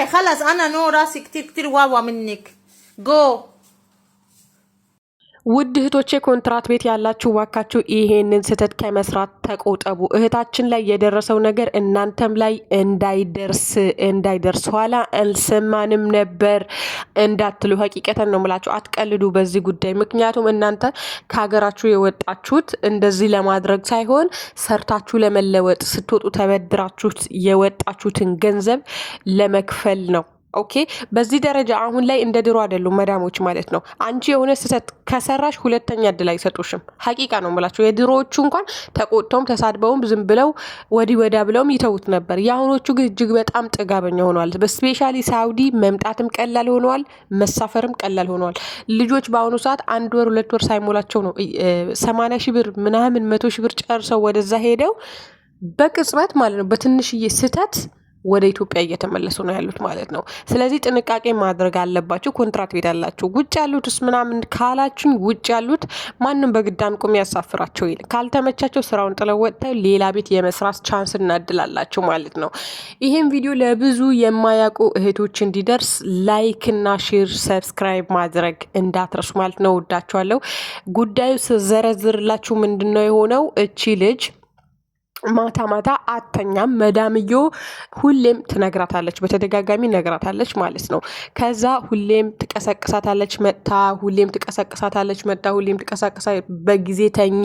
روحي خلص انا نو راسي كتير كتير واوا منك جو ውድ እህቶቼ ኮንትራት ቤት ያላችሁ ዋካችሁ ይሄንን ስህተት ከመስራት ተቆጠቡ። እህታችን ላይ የደረሰው ነገር እናንተም ላይ እንዳይደርስ እንዳይደርስ ኋላ አልሰማንም ነበር እንዳትሉ፣ ሀቂቀተን ነው ምላችሁ። አትቀልዱ በዚህ ጉዳይ። ምክንያቱም እናንተ ከሀገራችሁ የወጣችሁት እንደዚህ ለማድረግ ሳይሆን ሰርታችሁ ለመለወጥ ስትወጡ ተበድራችሁት የወጣችሁትን ገንዘብ ለመክፈል ነው። ኦኬ በዚህ ደረጃ አሁን ላይ እንደ ድሮ አይደሉም መዳሞች ማለት ነው። አንቺ የሆነ ስህተት ከሰራሽ ሁለተኛ እድል አይሰጡሽም። ሀቂቃ ነው የምላቸው። የድሮዎቹ እንኳን ተቆጥተውም ተሳድበውም ዝም ብለው ወዲህ ወዳ ብለውም ይተውት ነበር። የአሁኖቹ ግን እጅግ በጣም ጥጋበኛ ሆነዋል። በስፔሻሊ ሳውዲ መምጣትም ቀላል ሆነዋል፣ መሳፈርም ቀላል ሆነዋል። ልጆች በአሁኑ ሰዓት አንድ ወር ሁለት ወር ሳይሞላቸው ነው ሰማንያ ሺህ ብር ምናምን መቶ ሺህ ብር ጨርሰው ወደዛ ሄደው በቅጽበት ማለት ነው በትንሽዬ ስህተት ወደ ኢትዮጵያ እየተመለሱ ነው ያሉት ማለት ነው። ስለዚህ ጥንቃቄ ማድረግ አለባችሁ። ኮንትራት ቤት ያላችሁ ውጭ ያሉትስ ምናምን ካላችሁኝ ውጭ ያሉት ማንም በግድ አንቆ ያሳፍራቸው ይል ካልተመቻቸው ስራውን ጥለው ወጥተው ሌላ ቤት የመስራት ቻንስ እናድላላችሁ ማለት ነው። ይህም ቪዲዮ ለብዙ የማያውቁ እህቶች እንዲደርስ ላይክና ሼር፣ ሰብስክራይብ ማድረግ እንዳትረሱ ማለት ነው። ወዳችኋለሁ። ጉዳዩ ስዘረዝርላችሁ ምንድን ነው የሆነው እቺ ልጅ ማታ ማታ አተኛም መዳምዮ ሁሌም ትነግራታለች፣ በተደጋጋሚ ነግራታለች ማለት ነው። ከዛ ሁሌም ትቀሰቅሳታለች መጥታ ሁሌም ትቀሰቅሳታለች መጥታ ሁሌም ትቀሳቅሳ በጊዜ ተኚ።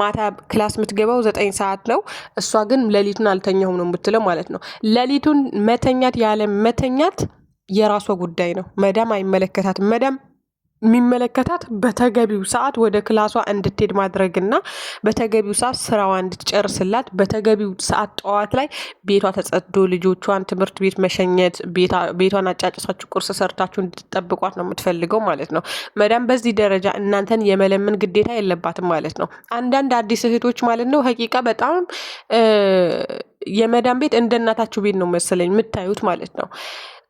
ማታ ክላስ የምትገባው ዘጠኝ ሰዓት ነው። እሷ ግን ሌሊቱን አልተኛሁም ነው የምትለው ማለት ነው። ሌሊቱን መተኛት ያለ መተኛት የራሷ ጉዳይ ነው። መዳም አይመለከታትም። መዳም የሚመለከታት በተገቢው ሰዓት ወደ ክላሷ እንድትሄድ ማድረግና በተገቢው ሰዓት ስራዋ እንድትጨርስላት በተገቢው ሰዓት ጠዋት ላይ ቤቷ ተጸዶ ልጆቿን ትምህርት ቤት መሸኘት ቤቷን አጫጭሳችሁ ቁርስ ሰርታችሁ እንድትጠብቋት ነው የምትፈልገው ማለት ነው። መዳም በዚህ ደረጃ እናንተን የመለመን ግዴታ የለባትም ማለት ነው። አንዳንድ አዲስ እህቶች ማለት ነው ሀቂቃ በጣም የመዳም ቤት እንደ እናታችሁ ቤት ነው መሰለኝ የምታዩት ማለት ነው።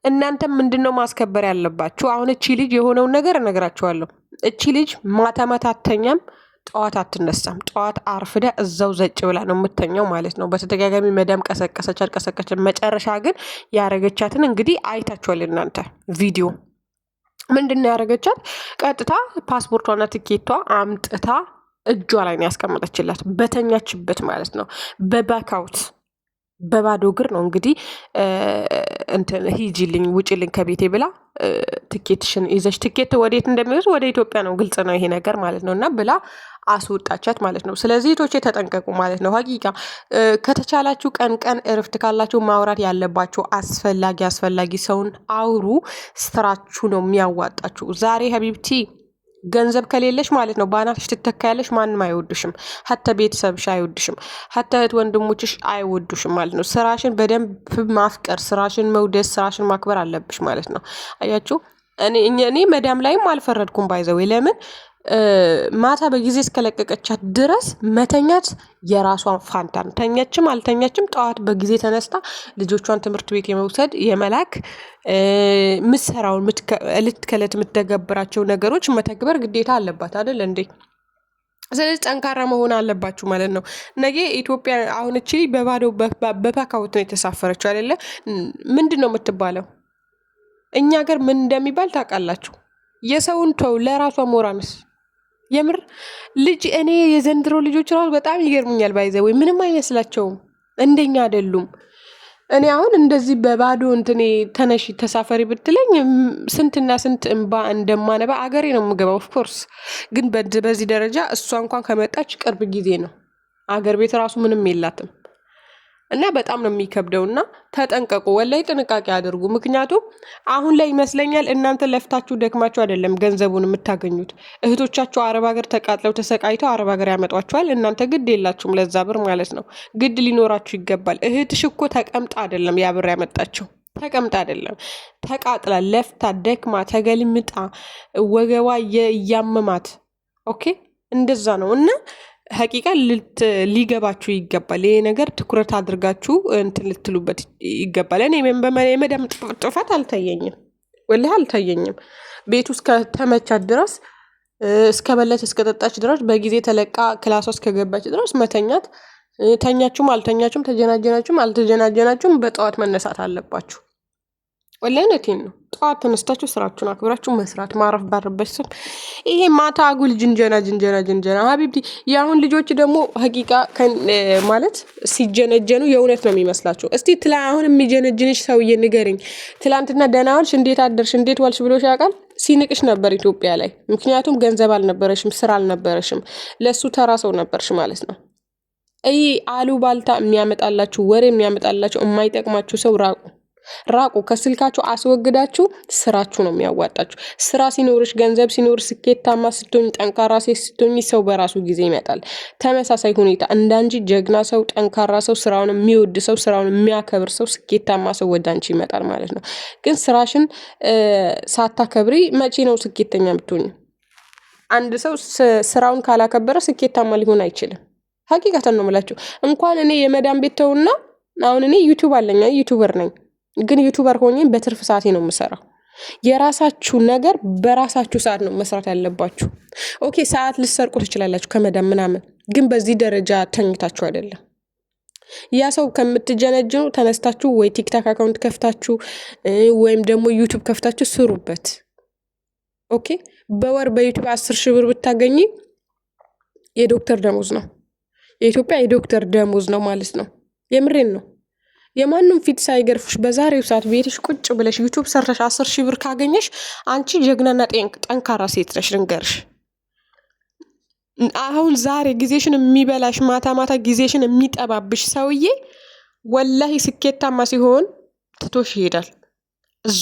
እናንተም ምንድን ነው ማስከበር ያለባችሁ? አሁን እቺ ልጅ የሆነውን ነገር እነግራችኋለሁ። እቺ ልጅ ማታ ማታ አትተኛም፣ ጠዋት አትነሳም። ጠዋት አርፍዳ እዛው ዘጭ ብላ ነው የምተኛው ማለት ነው። በተደጋጋሚ መዳም ቀሰቀሰች አልቀሰቀች፣ መጨረሻ ግን ያረገቻትን እንግዲህ አይታችኋል እናንተ ቪዲዮ ምንድን ነው ያደረገቻት? ቀጥታ ፓስፖርቷና ትኬቷ አምጥታ እጇ ላይ ነው ያስቀመጠችላት፣ በተኛችበት ማለት ነው በባካውት በባዶ እግር ነው እንግዲህ እንትን ሂጂልኝ ውጪልኝ ከቤቴ ብላ ትኬትሽን ይዘሽ ትኬት ወዴት እንደሚወስድ ወደ ኢትዮጵያ ነው። ግልጽ ነው ይሄ ነገር ማለት ነው። እና ብላ አስወጣቻት ማለት ነው። ስለዚህ ቶቼ ተጠንቀቁ ማለት ነው። ሀቂቃ ከተቻላችሁ ቀን ቀን እርፍት ካላችሁ ማውራት ያለባችሁ አስፈላጊ አስፈላጊ ሰውን አውሩ። ስራችሁ ነው የሚያዋጣችሁ። ዛሬ ሀቢብቲ ገንዘብ ከሌለሽ ማለት ነው በአናትሽ ትተካያለሽ። ማንም አይወዱሽም፣ ሀተ ቤተሰብሽ አይወዱሽም፣ ሀተ እህት ወንድሞችሽ አይወዱሽም ማለት ነው። ስራሽን በደንብ ማፍቀር፣ ስራሽን መውደስ፣ ስራሽን ማክበር አለብሽ ማለት ነው። አያችሁ እኔ መዳም ላይም አልፈረድኩም ባይዘው ለምን ማታ በጊዜ እስከለቀቀቻት ድረስ መተኛት የራሷን ፋንታ ነው። ተኛችም አልተኛችም ጠዋት በጊዜ ተነስታ ልጆቿን ትምህርት ቤት የመውሰድ የመላክ ምሰራውን እለት ከእለት የምትተገብራቸው ነገሮች መተግበር ግዴታ አለባት አደል እንዴ? ስለዚህ ጠንካራ መሆን አለባችሁ ማለት ነው። ነገ ኢትዮጵያ አሁን እቺ በባዶ በፓካውት ነው የተሳፈረችው አይደለ? ምንድን ነው የምትባለው? እኛ ሀገር ምን እንደሚባል ታውቃላችሁ? የሰውን ተው፣ ለራሷ ሞራንስ የምር ልጅ እኔ የዘንድሮ ልጆች ራሱ በጣም ይገርሙኛል። ባይዘ ወይ ምንም አይመስላቸውም፣ እንደኛ አይደሉም። እኔ አሁን እንደዚህ በባዶ እንትኔ ተነሽ ተሳፈሪ ብትለኝ ስንትና ስንት እንባ እንደማነባ አገሬ ነው የምገባው። ኦፍኮርስ ግን በዚህ ደረጃ እሷ እንኳን ከመጣች ቅርብ ጊዜ ነው። አገር ቤት ራሱ ምንም የላትም። እና በጣም ነው የሚከብደው። እና ተጠንቀቁ፣ ወላይ ጥንቃቄ አድርጉ። ምክንያቱም አሁን ላይ ይመስለኛል እናንተ ለፍታችሁ ደክማችሁ አይደለም ገንዘቡን የምታገኙት። እህቶቻችሁ አረብ ሀገር ተቃጥለው ተሰቃይተው አረብ ሀገር ያመጧችኋል። እናንተ ግድ የላችሁም ለዛ ብር ማለት ነው። ግድ ሊኖራችሁ ይገባል። እህትሽ እኮ ተቀምጣ አይደለም ያ ብር ያመጣችው፣ ተቀምጣ አይደለም ተቃጥላ ለፍታ ደክማ ተገልምጣ ወገቧ እያመማት ኦኬ፣ እንደዛ ነው እና ሀቂቃ ሊገባችሁ ይገባል። ይሄ ነገር ትኩረት አድርጋችሁ እንትን ልትሉበት ይገባል። እኔ የመዳም ጥፋት አልታየኝም፣ ወላሂ አልታየኝም። ቤቱ እስከተመቻት ድረስ እስከበላች እስከጠጣች ድረስ በጊዜ ተለቃ ክላሷ እስከገባች ድረስ መተኛት ተኛችሁም አልተኛችሁም ተጀናጀናችሁም አልተጀናጀናችሁም በጠዋት መነሳት አለባችሁ። ወላይነቴን ነው። ጠዋት ተነስታችሁ ስራችሁን አክብራችሁ መስራት ማረፍ ባረበች ሰው ይሄ ማታ አጉል ጅንጀና ጅንጀና ጅንጀና ሀቢብቲ። የአሁን ልጆች ደግሞ ሀቂቃ ማለት ሲጀነጀኑ የእውነት ነው የሚመስላቸው። እስቲ ትላ አሁን የሚጀነጅንሽ ሰውዬ ንገርኝ። ትላንትና ደህና ዋልሽ፣ እንዴት አደርሽ፣ እንዴት ዋልሽ ብሎሽ ያውቃል? ሲንቅሽ ነበር ኢትዮጵያ ላይ። ምክንያቱም ገንዘብ አልነበረሽም፣ ስራ አልነበረሽም፣ ለእሱ ተራ ሰው ነበርሽ ማለት ነው። ይህ አሉባልታ የሚያመጣላችሁ ወሬ የሚያመጣላችሁ የማይጠቅማችሁ ሰው ራቁ። ራቁ። ከስልካችሁ አስወግዳችሁ ስራችሁ ነው የሚያዋጣችሁ። ስራ ሲኖርሽ፣ ገንዘብ ሲኖር፣ ስኬታማ ስትሆኝ፣ ጠንካራ ሴት ስትሆኝ ሰው በራሱ ጊዜ ይመጣል። ተመሳሳይ ሁኔታ እንዳንቺ ጀግና ሰው፣ ጠንካራ ሰው፣ ስራውን የሚወድ ሰው፣ ስራውን የሚያከብር ሰው፣ ስኬታማ ሰው ወደ አንቺ ይመጣል ማለት ነው። ግን ስራሽን ሳታከብሪ መቼ ነው ስኬተኛ ብትሆኝ? አንድ ሰው ስራውን ካላከበረ ስኬታማ ሊሆን አይችልም። ሀቂቀተን ነው የምላችሁ። እንኳን እኔ የመዳን ቤት ተውና አሁን እኔ ዩቱብ አለኝ ዩቱበር ነኝ ግን ዩቱበር ሆኜም በትርፍ ሰዓቴ ነው የምሰራው። የራሳችሁ ነገር በራሳችሁ ሰዓት ነው መስራት ያለባችሁ። ኦኬ ሰዓት ልሰርቁ ትችላላችሁ ከመዳም ምናምን፣ ግን በዚህ ደረጃ ተኝታችሁ አይደለም። ያ ሰው ከምትጀነጅኑ ተነስታችሁ ወይ ቲክታክ አካውንት ከፍታችሁ ወይም ደግሞ ዩቱብ ከፍታችሁ ስሩበት። ኦኬ በወር በዩቱብ አስር ሺህ ብር ብታገኝ የዶክተር ደሞዝ ነው። የኢትዮጵያ የዶክተር ደሞዝ ነው ማለት ነው። የምሬን ነው። የማንም ፊት ሳይገርፍሽ በዛሬው ሰዓት ቤትሽ ቁጭ ብለሽ ዩቱብ ሰርተሽ አስር ሺህ ብር ካገኘሽ አንቺ ጀግናና ጠንካራ ሴት ነሽ። ልንገርሽ አሁን ዛሬ ጊዜሽን የሚበላሽ ማታ ማታ ጊዜሽን የሚጠባብሽ ሰውዬ ወላሂ ስኬታማ ሲሆን ትቶሽ ይሄዳል።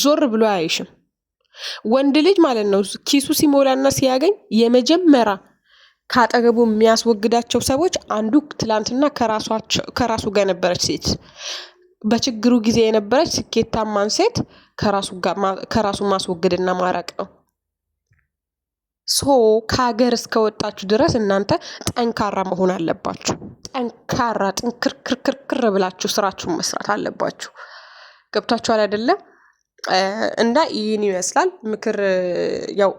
ዞር ብሎ አያይሽም። ወንድ ልጅ ማለት ነው ኪሱ ሲሞላና ሲያገኝ የመጀመሪያ ከአጠገቡ የሚያስወግዳቸው ሰዎች አንዱ ትላንትና ከራሱ ጋር ነበረች ሴት በችግሩ ጊዜ የነበረች ስኬታማን ሴት ከራሱ ማስወገድና ማራቅ ነው። ሶ ከሀገር እስከወጣችሁ ድረስ እናንተ ጠንካራ መሆን አለባችሁ። ጠንካራ ጥንክርክርክር ብላችሁ ስራችሁን መስራት አለባችሁ። ገብታችኋል አይደለም? እና ይህን ይመስላል ምክር ያው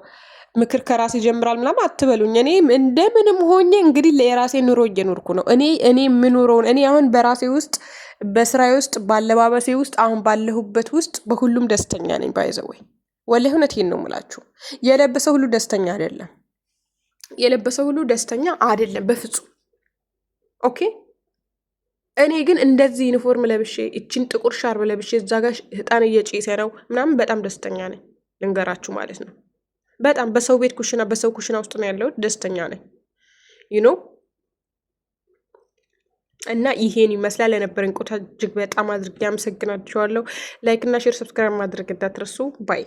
ምክር ከራሴ ይጀምራል ምናምን አትበሉኝ። እኔ እንደምንም ሆኜ እንግዲህ የራሴ ኑሮ እየኖርኩ ነው። እኔ እኔ የምኖረውን እኔ አሁን በራሴ ውስጥ በስራዬ ውስጥ በአለባበሴ ውስጥ አሁን ባለሁበት ውስጥ በሁሉም ደስተኛ ነኝ። ባይዘወይ ወላሂ እውነቴን ነው የምላችሁ። የለበሰ ሁሉ ደስተኛ አይደለም። የለበሰ ሁሉ ደስተኛ አይደለም በፍጹም ኦኬ። እኔ ግን እንደዚህ ዩኒፎርም ለብሼ እችን ጥቁር ሻርብ ለብሼ እዛ ጋር ህጣን እየጨሰ ነው ምናምን በጣም ደስተኛ ነኝ፣ ልንገራችሁ ማለት ነው። በጣም በሰው ቤት ኩሽና በሰው ኩሽና ውስጥ ነው ያለሁት። ደስተኛ ነኝ ዩ ዩኖ እና ይሄን ይመስላል። ለነበረን ቆይታ እጅግ በጣም አድርጌ አመሰግናችኋለሁ። ላይክ እና ሼር፣ ሰብስክራይብ ማድረግ እንዳትረሱ ባይ